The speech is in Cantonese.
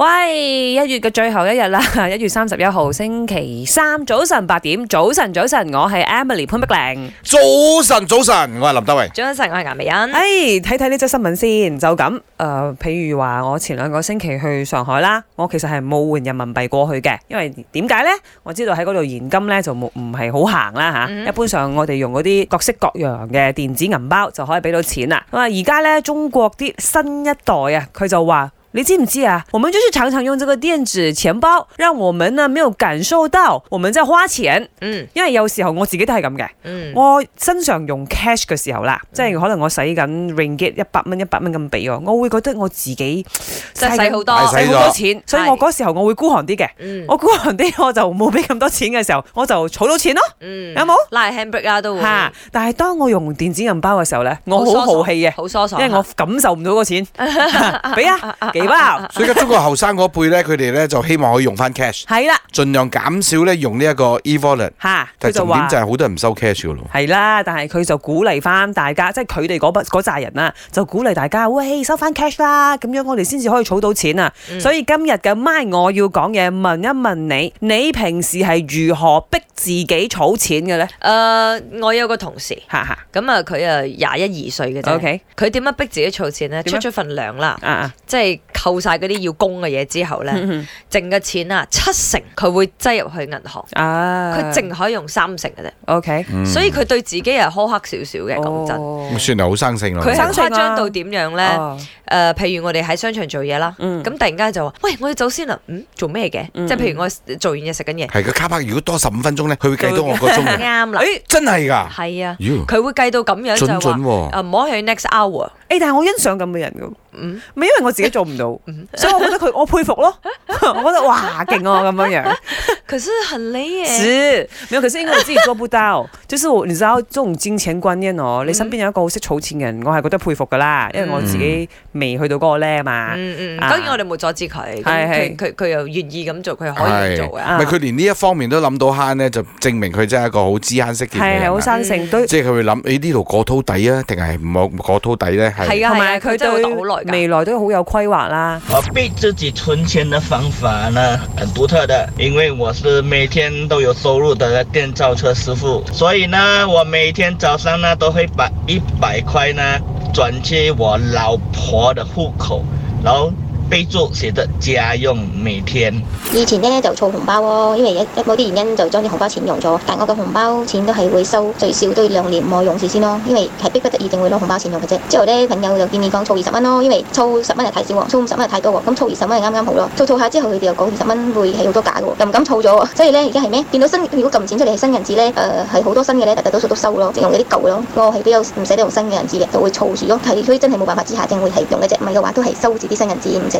喂，一月嘅最後一日啦，一月三十一號星期三早晨八點，早晨早晨，我係 Emily 潘碧玲。早晨早晨，我係林德偉。早晨，我係顏美欣。哎，睇睇呢則新聞先，就咁，誒，譬如話我前兩個星期去上海啦，我其實係冇換人民幣過去嘅，因為點解咧？我知道喺嗰度現金咧就冇唔係好行啦吓，一般上我哋用嗰啲各式各樣嘅電子銀包就可以俾到錢啦。咁啊，而家咧中國啲新一代啊，佢就話。你知唔知啊？我們就是常常用這個電子錢包，讓我們呢沒有感受到我們在花錢。嗯，因為有時候我自己都係咁嘅。嗯，我身上用 cash 嘅時候啦、嗯，即係可能我使緊 ringgit 一百蚊一百蚊咁俾我，我會覺得我自己使好、就是、多，使好多錢。所以我嗰時候我會孤寒啲嘅。嗯，我孤寒啲，我就冇俾咁多錢嘅時候，我就儲到錢咯。嗯，有冇拉 handbag 都會，但係當我用電子銀包嘅時候呢，我好豪氣嘅，好疏爽，好疏爽，因為我感受唔到嗰個錢。俾 給啊！ 所以而家中國後生嗰輩咧，佢哋咧就希望可以用翻 cash，係啦，儘量減少咧用呢一個 e wallet 嚇，就話就係好多人唔收 cash 噶咯。係啦，但係佢就鼓勵翻大家，即係佢哋嗰扎人啦，就鼓勵大家喂收翻 cash 啦，咁樣我哋先至可以儲到錢啊、嗯。所以今日嘅 MY 我要講嘢問一問你，你平時係如何逼自己儲錢嘅咧？誒、呃，我有個同事，嚇嚇，咁啊佢啊廿一二歲嘅啫，OK，佢點樣逼自己儲錢咧？出出份糧啦，啊啊，即、就係扣晒嗰啲要供嘅嘢之後咧，剩嘅錢啊七成佢會擠入去銀行，佢淨可以用三成嘅啫。OK，所以佢對自己係苛刻少少嘅。講真，算係好生性咯。佢係誇張到點樣咧？誒、oh. 呃，譬如我哋喺商場做嘢啦，咁、嗯、突然間就話：喂，我要走先、啊、啦。做咩嘅？即係、嗯、譬如我做完嘢食緊嘢。係個卡巴，如果多十五分鐘咧，佢會計到我個鐘。啱 啦。誒、哎，真係噶。係啊。佢會計到咁樣就話：誒，唔好去 next hour。但係我欣賞咁嘅人咪因為我自己做唔到，所以我覺得佢我佩服咯。我覺得哇勁啊咁樣樣，可是很叻嘅。是，因為其實因為我自己做不到，即使然之後從金錢觀念我，你身邊有一個好識儲錢人，我係 覺得佩服噶啦，因為我自己未、 嗯、去到嗰個 level 嘛。嗯嗯，嗯、啊，當然我哋冇阻止佢，佢佢又願意咁做，佢可以做啊，係佢連呢一方面都諗到慳咧，就證明佢真係一個好知慳識儉嘅人。好生性即係佢會諗呢度過拖底啊，定係冇過拖底咧？係同埋佢真未來都好有規劃啦。我逼自己存錢的方法呢，很獨特的，因為我是每天都有收入的電召車師傅，所以呢，我每天早上呢，都會把一百塊呢轉去我老婆的戶口。然後備註寫的家用，每天以前呢就儲紅包喎、哦，因為一某啲原因就將啲紅包錢用咗，但係我個紅包錢都係會收最少都要兩年冇用住先咯、哦，因為係逼不得已定會攞紅包錢用嘅啫。之後咧朋友就建議講儲二十蚊咯，因為儲十蚊係太少喎，儲五十蚊係太多喎，咁儲二十蚊係啱啱好咯。儲儲下之後佢哋又講二十蚊會係好多假嘅，又唔敢儲咗，所以咧而家係咩？見到新如果撳錢出嚟係新銀紙咧，誒係好多新嘅咧，大，大多數都收咯，用嗰啲舊咯。我係比較唔捨得用新嘅銀紙嘅，就會儲住咯。如果係真係冇辦法之下正會係用一隻用，唔係嘅話都係收住啲新銀紙唔使。